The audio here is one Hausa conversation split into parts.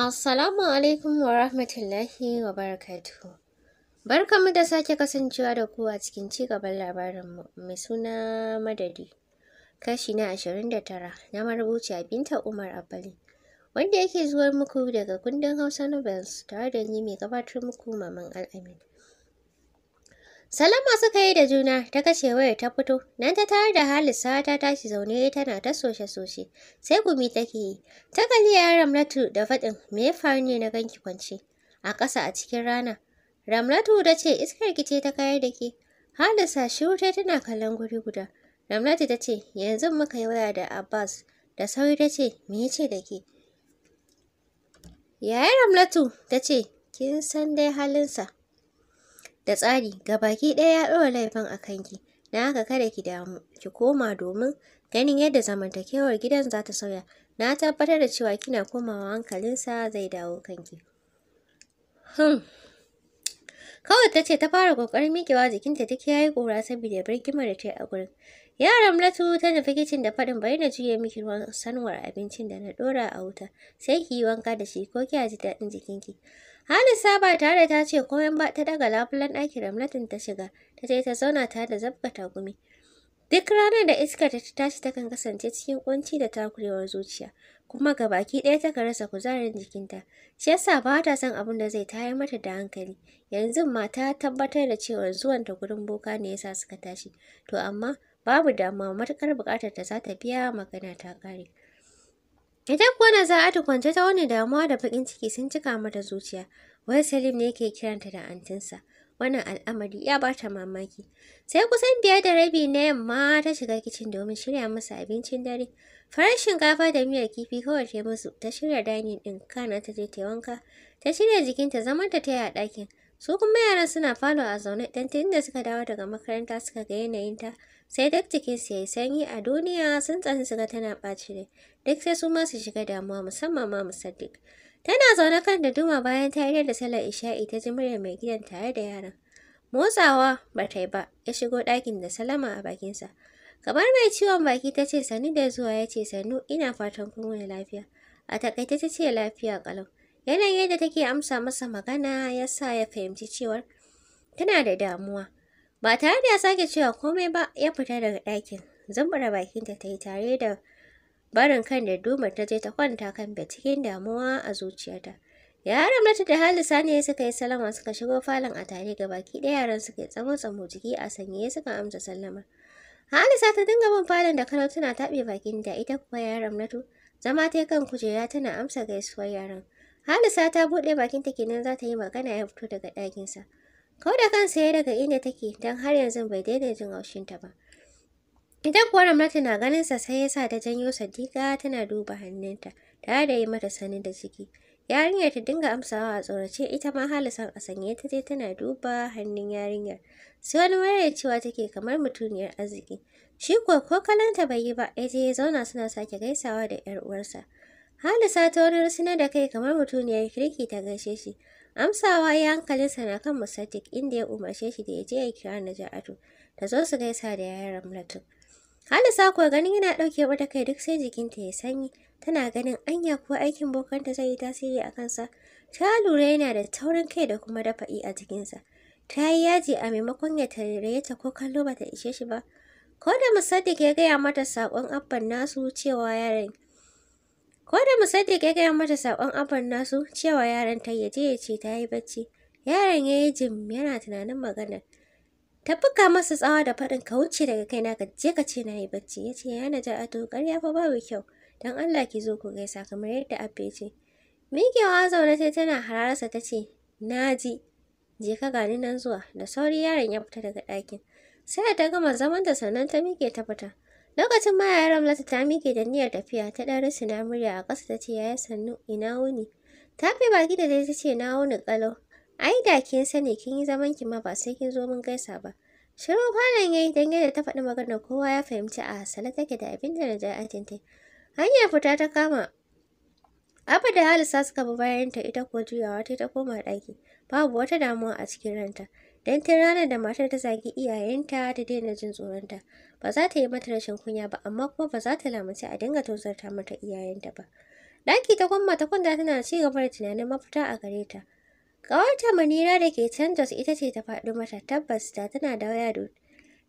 Assalamu alaikum wa rahmatullahi wa barakatuhu. Barkanmu da sake kasancewa da ku a cikin ci gaban labarinmu mai suna madadi. Kashi na ashirin da tara na a Binta Umar Abali, wanda yake zuwa muku daga kundin Hausa Novels tare da ni mai gabatar muku Maman Al'amin. Salama suka yi da juna ta kashe wayar ta fito, nan ta tare da Halisa ta tashi zaune tana ta soshe-soshe, sai gumi take yi. Ta kalli ya Ramlatu da faɗin me ya faru ne na ganki kwance a ƙasa a cikin rana. Ramlatu ta ce iskar ki ce ta kayar da ke. Halisa shi wuta tana kallon guri guda. Ramlatu ta ce yanzu muka yi waya da Abbas da sauri ta ce me ya ce da ke. Yaya Ramlatu ta ce kin san dai halinsa. da tsari ga baki ɗaya ya ɗora laifin a kanki na haka kada ki damu ki koma domin ganin yadda zamantakewar gidan za ta sauya na tabbatar da cewa kina komawa hankalinsa zai dawo kanki hmm. kawai ta ce ta fara ƙoƙarin miƙewa jikinta duk ya yi ƙura saboda birgimar da ta a gurin Yaran Ramlatu ta nufi kicin da faɗin bari na juye miki ruwan sanwar abincin da na ɗora a wuta, sai ki yi wanka da shi ko kya ji daɗin jikinki. Halisa ba tare ta ce komai ba ta daga labulen ɗakin Ramlatin ta shiga, ta je ta zauna tare da zabga gumi Duk ranar da iska ta tashi takan kasance cikin ƙunci da takurewar zuciya, kuma ga baki ɗaya ta rasa kuzarin jikinta. Shi yasa ba ta son abin da zai tayar mata da hankali. Yanzu ma ta tabbatar da cewa zuwanta gurin boka ne yasa suka tashi. To amma babu damuwa matuƙar buƙatar ta za ta biya magana ta ƙare. Idan kuwa na ta kwance ta wani damuwa da bakin ciki sun cika mata zuciya. Wai Salim ne ke kiranta da antinsa. Wannan al'amari ya ba ta mamaki. Sai kusan biyar da rabi na yamma ta shiga kicin domin shirya musu abincin dare. Farar shinkafa da miyar kifi kawai ta musu ta shirya dining ɗin kana ta je ta wanka. Ta shirya jikinta zaman ta yi a ɗakin. Su kuma yaran suna falo a zaune ɗan tun da suka dawo daga makaranta suka ga yanayinta sai duk jikinsu ya yayi sanyi a duniya sun tsani su tana ɓaci ne duk sai su ma su shiga damuwa musamman ma musaddiq tana zaune kan da duma bayan ta yi da sallar isha'i ta ji muryar mai gidan tare da yaran motsawa ba ta yi ba ya shigo ɗakin da salama a bakinsa kamar mai ciwon baki ta ce sannu da zuwa ya ce sannu ina fatan kun wani lafiya a takaita ta ce lafiya kalau yanayin yadda take amsa masa magana ya sa ya fahimci cewar tana da damuwa Ba tare da ya sake cewa komai ba ya fita daga ɗakin. Zumbura bakinta ta yi tare da barin kan da duma ta je ta kwanta kan bed cikin damuwa a zuciyarta. ya mata da Halisa ne suka yi salama suka shigo falon a tare ga baki ɗaya yaran suka yi tsamo tsamo jiki a sanye suka amsa sallama. Halisa ta dinga bin falon da kalau tana taɓe bakin da ita kuwa yaran natu zama ta kan kujera tana amsa gaisuwar yaran. Halisa ta buɗe bakinta kenan za ta yi magana ya fito daga ɗakinsa. Kau da kansa ya daga inda take don har yanzu bai daina jin haushinta ba. Idan kuwa Ramlatu na ganinsa sai ya sa ta janyo Sadiqa tana duba hannunta tare da yi mata sani da ciki. Yarinyar ta dinga amsawa a tsorace ita ma halisan a sanye ta je tana duba hannun yarinyar. Sai wani wayar cewa take kamar mutuniyar arziki. Shi kuwa ko kalanta bai yi ba ya je ya zauna suna sake gaisawa da ‘yar uwarsa. Halisa ta wani rusuna da kai kamar mutuniyar kirki ta gaishe shi. Amsawa ya hankalinsa na kan Musaddiq inda ya umarce shi da ya je ya kira Naja'atu ta zo su gaisa da yayin Ramlatu. Halisa kuwa ganin yana ɗauke wata kai duk sai jikinta ya sanyi tana ganin anya kuwa aikin bokanta zai yi tasiri a kansa. Ta lura yana da taurin kai da kuma dafa'i a jikinsa. Ta yi yaji a maimakon ya tarairaye ta ko kallo ba ta ishe shi ba. Ko da Musaddiq ya gaya mata saƙon abban nasu cewa yaron Ko da Musaddiq ya gaya mata saƙon abin nasu cewa yaran ta ya je ya ce ta yi bacci. Yaron ya yi jim yana tunanin magana. Ta buga masa tsawa da faɗin ka wuce daga kai na, je ka ce na yi bacci. Ya ce yana ja a tokar ya fa babu kyau. Don Allah ki zo ku gaisa kamar yadda Abbe ce. Miƙewa zaune sai tana hararsa ta ce na ji. Je ka gani nan zuwa. Da sauri yaron ya fita daga ɗakin. Sai ta gama zaman da sannan ta miƙe ta fita. Lokacin ma yaran Lata ta miƙe da niyyar tafiya ta ɗan na murya a ƙasa ta ce yaya sannu ina wuni. Ta fi baki da dai ta ce na wuni ƙalau. Ai da kin sani kin yi zaman ki ma ba sai kin zo mun gaisa ba. Shiru kwanan yayi dan yadda ta faɗi maganar kowa ya fahimci a hasala take da abin da Naja'atin ta Hanyar fita ta kama Abu da Halisa suka bi ta ita ko juyawa ta ta koma ɗaki. Babu wata damuwa a cikin ranta. don tun ranar da matar ta zagi iyayenta da daina jin tsoronta ba za ta yi mata rashin kunya ba amma kuma ba za ta lamunci a dinga tozarta mata iyayenta ba daki ta kwamma ta kwanta tana ci gaba da tunanin mafita a gare ta ƙawarta manira da ke canjas ita ce ta faɗi mata tabbas da tana da waya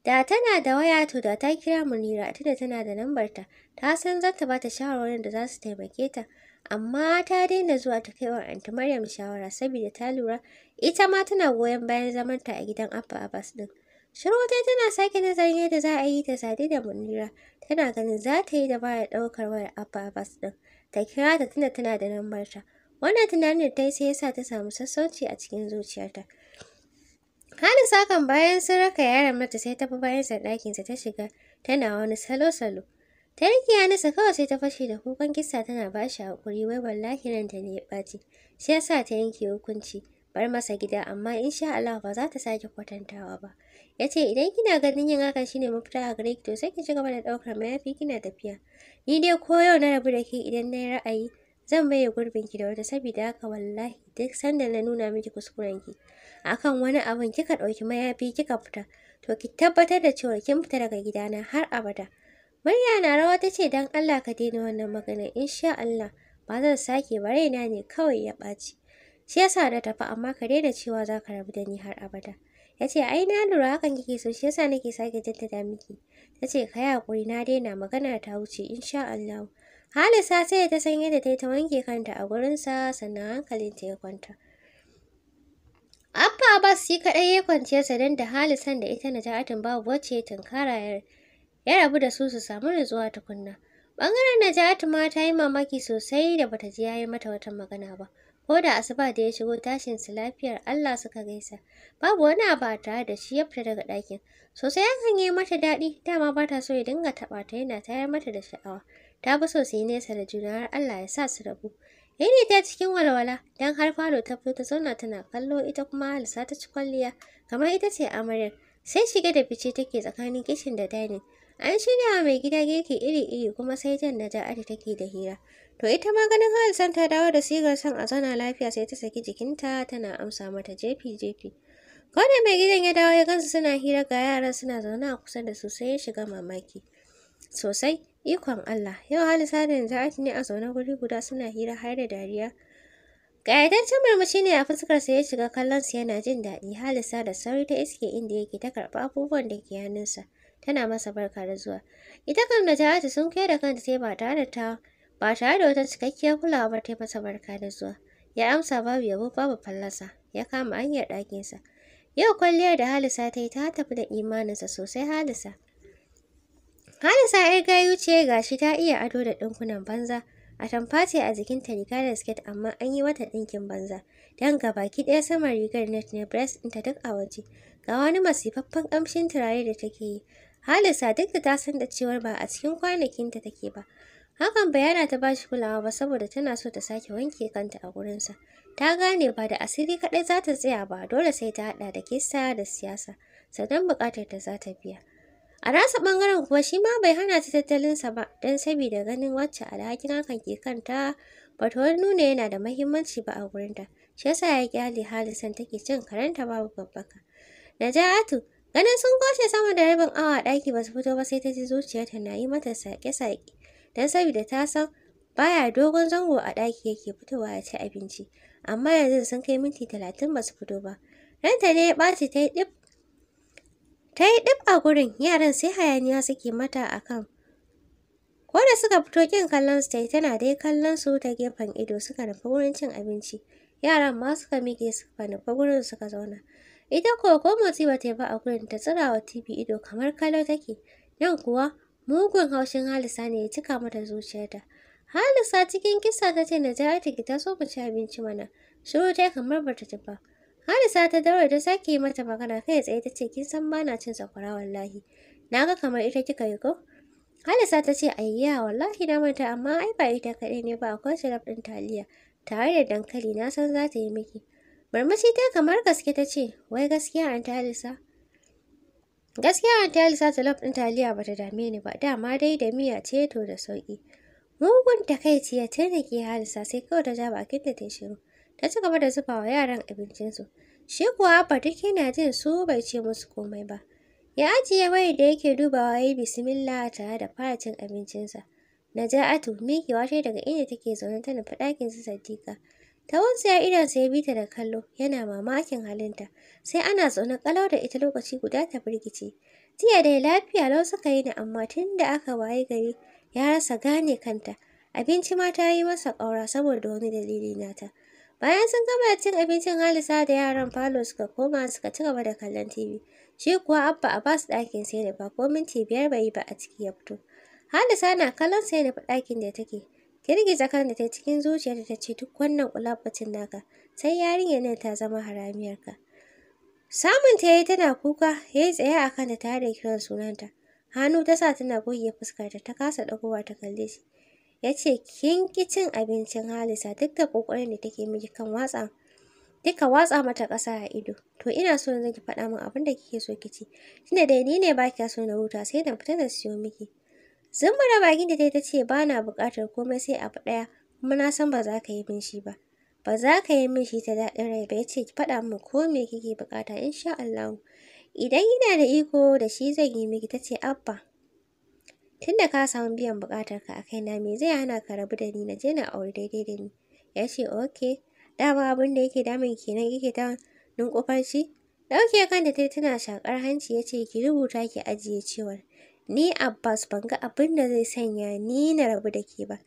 da tana da waya to da ta kira munira tunda tana da lambarta ta san zata ta ba ta shawarwarin da za su taimake ta amma ta daina zuwa ta kai wa anti Maryam shawara saboda ta lura ita ma tana goyon bayan zamanta a gidan Abba Abbas din. Shirwata tana sake nazarin yadda za a yi ta Sadi da Munira, tana ganin za ta yi dabara ɗaukar wayar Abba Abbas din, ta kira ta tunda tana da lambarta. Wannan tunanin ta yi sai ya sa ta samu sassauci a cikin zuciyarta. hali sakan bayan sun raka yaron mata sai ta bi bayan sa ta shiga tana wani salo-salo. Ta ya nasa kawai sai ta fashe da kukan kisa tana ba shi hakuri wai wallahi ranta ne ya ɓaci. Shi ya sa ta yanke hukunci bar masa gida amma insha Allah ba za ta sake kwatantawa ba. Ya ce idan kina ganin yin hakan shine mafita a gare ki to sai ki ci gaba da ɗaukar mayafi kina tafiya. Ni dai ko yau na rabu da ki idan na yi ra'ayi zan maye gurbin ki da wata saboda haka wallahi duk sanda na nuna miki kuskuren ki akan wani abin kika ɗauki mayafi kika fita to ki tabbatar da cewa kin fita daga gidana har abada. Murya na rawa ta ce don Allah ka daina wannan magana sha Allah ba zan sake ba raina ne kawai ya ɓaci. Shi yasa na tafi amma ka daina cewa za ka rabu da ni har abada. Ya ce ai na lura hakan kike so shi yasa nake sake jaddada miki. Ta ce ka yi haƙuri na daina magana ta wuce sha Allah. Halisa sai ta san yadda ta yi ta wanke kanta a gurinsa sannan hankalinta ya kwanta. Abba Abbas shi kaɗai ya kwanciyarsa don da Halisan da ita na ja'atin babu wacce ya tunkara ya rabu da su su samu nutsuwa tukunna. Ɓangaren Najati ma ta yi mamaki sosai da bata ji yayi mata wata magana ba. Ko da asuba da ya shigo tashin su lafiyar Allah suka gaisa. Babu wani abu a tare da shi ya fita daga ɗakin. Sosai hakan ya yi mata daɗi, dama ba ta so ya dinga taɓa ta yana tayar mata da sha'awa. Ta bi sosai su yi nesa da juna har Allah ya sa su rabu. Yini ta cikin walwala, dan har falo ta fito ta zauna tana kallo ita kuma Halisa ta ci kwalliya, kamar ita ce amaryar. Sai shige da fice take tsakanin kishin da dining. An shirya wa mai gida girki iri-iri kuma sai jan da ja'adi take da hira. To ita ma ganin Halisan ta dawo da sigar san a zauna lafiya sai ta saki jikinta tana amsa mata jefi-jefi. Kawai mai gidan ya dawo ya gansu suna hira ga yaran suna zaune a kusa da su sai ya shiga mamaki. Sosai, ikon Allah, yau Halisa da Ja'adi ne a zaune guri guda suna hira har da dariya. Ƙayataccen murmushi ne a fuskarsa ya shiga kallon su yana jin daɗi Halisa da sauri ta iske inda yake ta karɓi abubuwan da ke hannunsa. tana masa barka da zuwa ita kam da sun kai da kanta sai ba tare da ta ba tare da wata cikakkiyar kulawa ba ta masa barka da zuwa ya amsa babu yabo babu fallasa ya kama hanyar ɗakinsa yau kwalliyar da Halisa ta yi ta tafi da imaninsa sosai Halisa Halisa ‘yar gayu ce gashi ta iya ado da ɗinkunan banza, a ce a jikin ta riga da siket amma an yi wata ɗinkin banza, don baki ɗaya saman rigar net ne breast ɗinta duk a waje, ga wani masifaffen ƙamshin turare da take yi, Halisa duk da ta san da cewar ba a cikin kwanakinta take ba. Hakan ba yana ta bashi kulawa ba saboda tana so ta sake wanke kanta a gurinsa. Ta gane ba da asiri kaɗai za ta tsaya ba, dole sai ta haɗa da kisa da siyasa, sannan buƙatar ta za ta biya. A rasa ɓangaren kuwa shi ma bai hana ta tattalinsa ba, don sabida ganin wacce alhakin hakan ke kanta ba ta wani nuna yana da mahimmanci ba a gurinta. Shi yasa ya ƙyale halisan take cin karanta babu babbaka. najatu Ganin sun kwashe sama da rabin awa ɗaki ba su fito ba sai ta ji zuciyarta na yi mata saƙe-saƙe. Don saboda ta san baya dogon zango a ɗaki yake fitowa ya ci abinci. Amma yanzu sun kai minti talatin ba su fito ba. Ranta ne ya ɓaci ta yi ɗib. Ta yi a gurin yaran sai hayaniya suke mata a kan. Ko da suka fito kin kallon su ta tana dai kallon su ta gefen ido suka nufi wurin cin abinci. Yaran ma suka miƙe suka nufi gurin suka zauna. Ita kuwa ko motsi ba ta ba a gurin ta tsira wa TV ido kamar kalo take. Nan kuwa mugun haushin Halisa ne ya cika mata zuciyarta. Halisa cikin kisa ta ce na Najati ta so mu ci abinci mana. Shiru ta kamar ba ta ji Halisa ta daure ta sake mata magana kai tsaye ta ce kin san ba na cin sakwara wallahi. Na ga kamar ita kika yi ko? Halisa ta ce ayya wallahi na manta amma ai ba ita kaɗai ne ba akwai sharaf ɗin taliya. Tare da dankali na san za ta yi miki. Barmaci ta kamar gaske ta ce, wai gaskiya an talisa. Gaskiya an talisa jalof ɗin taliya ba ta dame ni ba, dama dai da miya ce to da sauƙi. Mugun ce ya taimake halisa sai kawai ta ja bakin da ta shiru. Ta ci gaba da zuba wa yaran abincinsu. Shi kuwa Abba duk yana jin su bai ce musu komai ba. Ya ajiye wai da yake dubawa ya yi bisimillah tare da fara cin abincinsa. Naja'atu miƙewa washe daga inda take zaune tana faɗakin ɗakin su Sadiqa. Ta ya idansa ya bi ta da kallo, yana mamakin halinta. Sai ana zaune kalau da ita lokaci guda ta birgice. Jiya dai lafiya lau suka yi ni, amma tun da aka waye gari ya rasa gane kanta. Abinci ma ta yi masa ƙaura saboda wani dalili nata. Bayan sun gama cin abincin Halisa da yaran falo suka koma suka ci gaba da kallon TV. Shi kuwa Abba a basu ɗakin sai da ba ko minti biyar bai yi ba a ciki ya fito. Halisa na kallon sai da ɗakin da take. Girgiza da ta cikin zuciyarta ta ce duk wannan kulabbacin naka sai yarinyar nan ta zama haramiyarka. Samun ta yayi tana kuka yayi tsaye a da tare da kiran sunanta. Hannu ta sa tana goge fuskarta ta kasa ɗagowa ta kalle shi. Ya ce kin ki cin abincin Halisa duk da ƙoƙarin da take miki kan watsa duka watsa mata ƙasa a ido. To ina so yanzu ki faɗa min abin da kike so ki ci. Tunda dai ni ne ba kya so na huta sai na fita na siyo miki. Zumbura bakin da ta ta ce ba na buƙatar komai sai abu ɗaya kuma na san ba za ka yi min shi ba. Ba za ka yi min shi ta daɗin rai ba ya ce ki faɗa min ko me kike buƙata insha Allah. Idan yana da iko da shi zan yi miki ta ce abba. Tunda ka samu biyan buƙatar ka a kaina me zai hana ka rabu da ni na je na aure daidai da ni. Ya ce okay dama abin da yake damun kenan yake ta shi Ɗauke kan da ta tana shakar hanci ya ce ki rubuta ki ajiye cewar Ni Abbas ban ga abin da zai sanya ni na rabu da ke ba.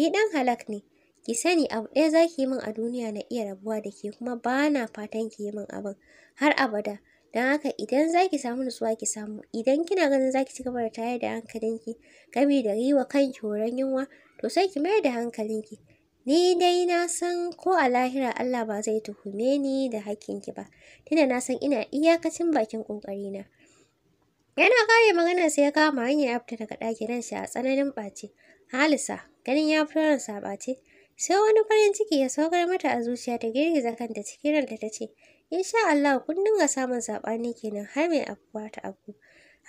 Ni ɗan halak ne. Ki sani abu ɗaya za ki yi min a duniya na iya rabuwa da ke kuma ba na fatan ki yi min abin har abada. Don haka idan za ki samu nutsuwa ki samu, idan kina ganin za ki ci gaba da tayar da hankalinki gami da yi wa ki horon yunwa, to sai ki mayar da hankalinki. Ni dai na san ko a lahira Allah ba zai tuhume ni da hakkinki ba, tunda na san ina iyakacin bakin ƙoƙarina. Yana kare maganar sai ya kama hanyar ya fita daga ɗaki nan shi a tsananin ɓace. Halisa, ganin ya fito ran sa ɓace, sai wani farin ciki ya saukar mata a zuciya ta girgiza kanta cikin ranta ta ce, Insha Allah kun dinga samun saɓani kenan har mai afuwa ta abu.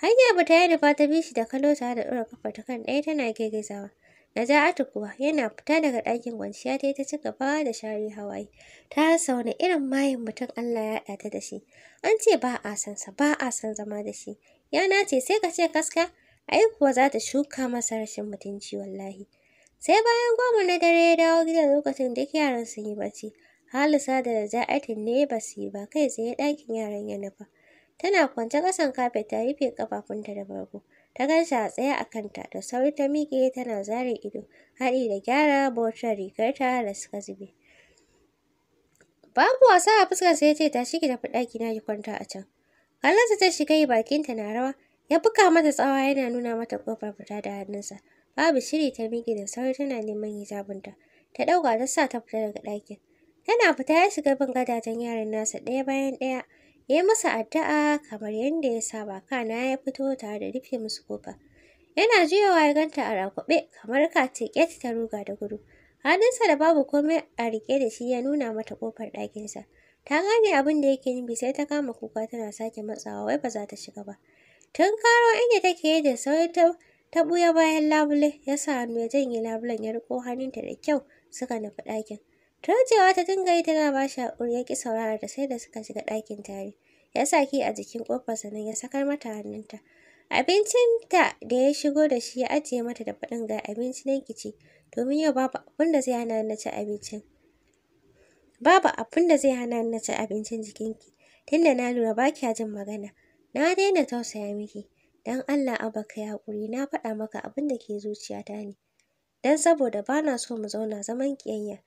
Hanya ba ta yi da fata bishi da kallo tare da ɗora kafa ta kan ɗaya tana girgizawa. Naja'atu kuwa yana fita daga ɗakin kwanciya ta yi ta ci gaba da shari hawaye. Ta rasa wani irin mayin mutum Allah ya haɗa ta da shi. An ce ba a san sa, ba a san zama da shi. ya nace sai ka ce kaska, ai kuwa za ta shuka masa rashin mutunci wallahi. Sai bayan goma na dare ya dawo gida lokacin duk yaran sun yi bacci. Halisa da zaatin ne ba su yi ba kai tsaye ɗakin yaran ya nufa. Tana kwance ƙasan kafet ta rufe ƙafafunta da bargo. Ta ganshi a tsaye a kanta da sauri ta miƙe tana zare ido haɗi da gyara botar rigarta da suka zube. Babu wasa a fuskar sai ya ce ta shige tafi ɗaki na ki kwanta a can. Kallonsa ta shiga yi bakinta na rawa, ya buka mata tsawa yana nuna mata ƙofar fita da hannunsa. Babu shiri ta miƙe da sauri tana neman hijabinta. Ta ɗauka ta sa ta fita daga ɗakin. Tana fita ya shiga bin gadajen yaran nasa ɗaya bayan ɗaya. Ya yi masa addu'a kamar yadda ya saba kana ya fito tare da rufe musu kofa. Yana juyawa ya ganta a rakuɓe kamar katiƙet ta ruga da gudu. Hannunsa da babu komai a riƙe da shi ya nuna mata ƙofar ɗakinsa. Ta gane abin da yake nufi sai ta kama kuka tana sake matsawa wai ba za ta shiga ba. Tun karo inda take da sauri ta ta buya bayan labule ya sa hannu ya janye labulen ya riko hannunta da kyau suka nufi ɗakin. Turjewa ta dinga yi tana ba shi haƙuri ya ƙi saurara da sai da suka shiga ɗakin tare. Ya sa ki a jikin ƙofar sannan ya sakar mata hannunta. ta da ya shigo da shi ya ajiye mata da faɗin ga abinci na kici domin yau babu abin da zai hana na ci abincin. Babu abin da zai hana ni na ci abincin jikinki, tunda na lura ba kya jin magana. Na daina tausaya miki. dan Allah a ka ya kuri na faɗa maka abin da ke zuciyata ne. dan saboda ba na so mu zauna zaman kiyayya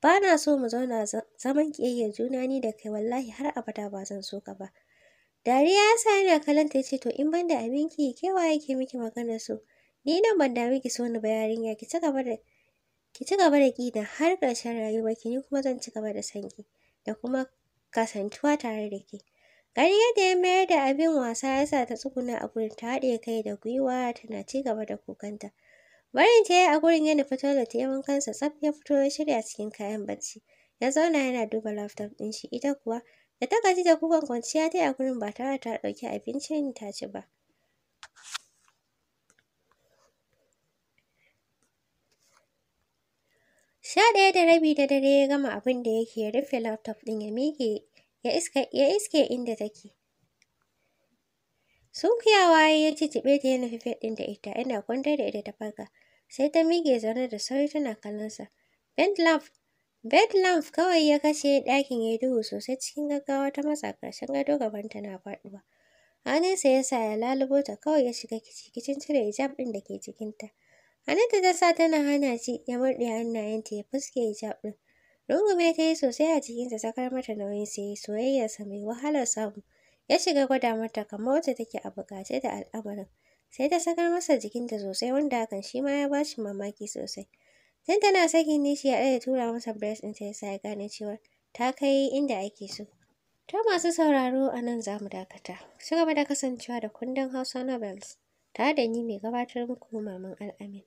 Ba na so mu zauna zaman kiyayya juna ni da kai wallahi har abada ba zan so ka ba. Dariya ya sa yana kalanta ya ce to in banda da abinki ke waye ke miki maganar so. Ni nan ban da miki so ni ba yarinya ki ci gaba da Ki ci gaba da gina har ƙarshen ki ni kuma zan ci gaba da sanki, ki da kuma kasantuwa tare da ke. Gani yadda ya mayar da abin wasa ya sa ta tsuguna a gurin ta haɗiye kai da gwiwa tana ci gaba da kukanta. Barin ta yi a gurin ya nufi toilet ya wankansa tsaf ya fito ya shirya cikin kayan bacci. Ya zauna yana duba laptop ɗin shi ita kuwa da ta gaji da kukan kwanciya ta yi a gurin ba tare ta ɗauki abincin ta ci ba. Sha ɗaya da rabi da dare ya gama abin da yake rufe laptop ɗin ya miƙe ya iske inda take. Sunkuyawa ya cicibe ta ya nufi ɗin da ita yana kwantar da ita ta farka. Sai ta miƙe zaune da sauri tana kallonsa. Bed lamp kawai ya kashe ɗakin ya duhu sosai cikin gaggawa ta masa ƙarshen gado gaban ta na faɗuwa. Hannunsa ya sa ya lalubo ta kawai ya shiga kicin cire hijab ɗin da ke jikinta. Halitta ta sa tana hana shi ya murɗe hannayenta ya fuske hijab ɗin. Rungume ta yi sosai a jikinta sakar mata nauyin sai soyayyarsa mai wahalar samu. Ya shiga gwada mata kamar wacce take a buƙace da al'amarin. Sai ta sakar masa jikinta sosai wanda hakan shi ma ya ba shi mamaki sosai. Tun tana sakin nishi ya ɗaya tura masa breast ɗinta ya sa ya gane cewa ta kai inda ake so. Ta masu sauraro a nan za mu dakata. Ci gaba da kasancewa da kundin Hausa Novels tare da ni mai gabatar muku Maman Al'amin.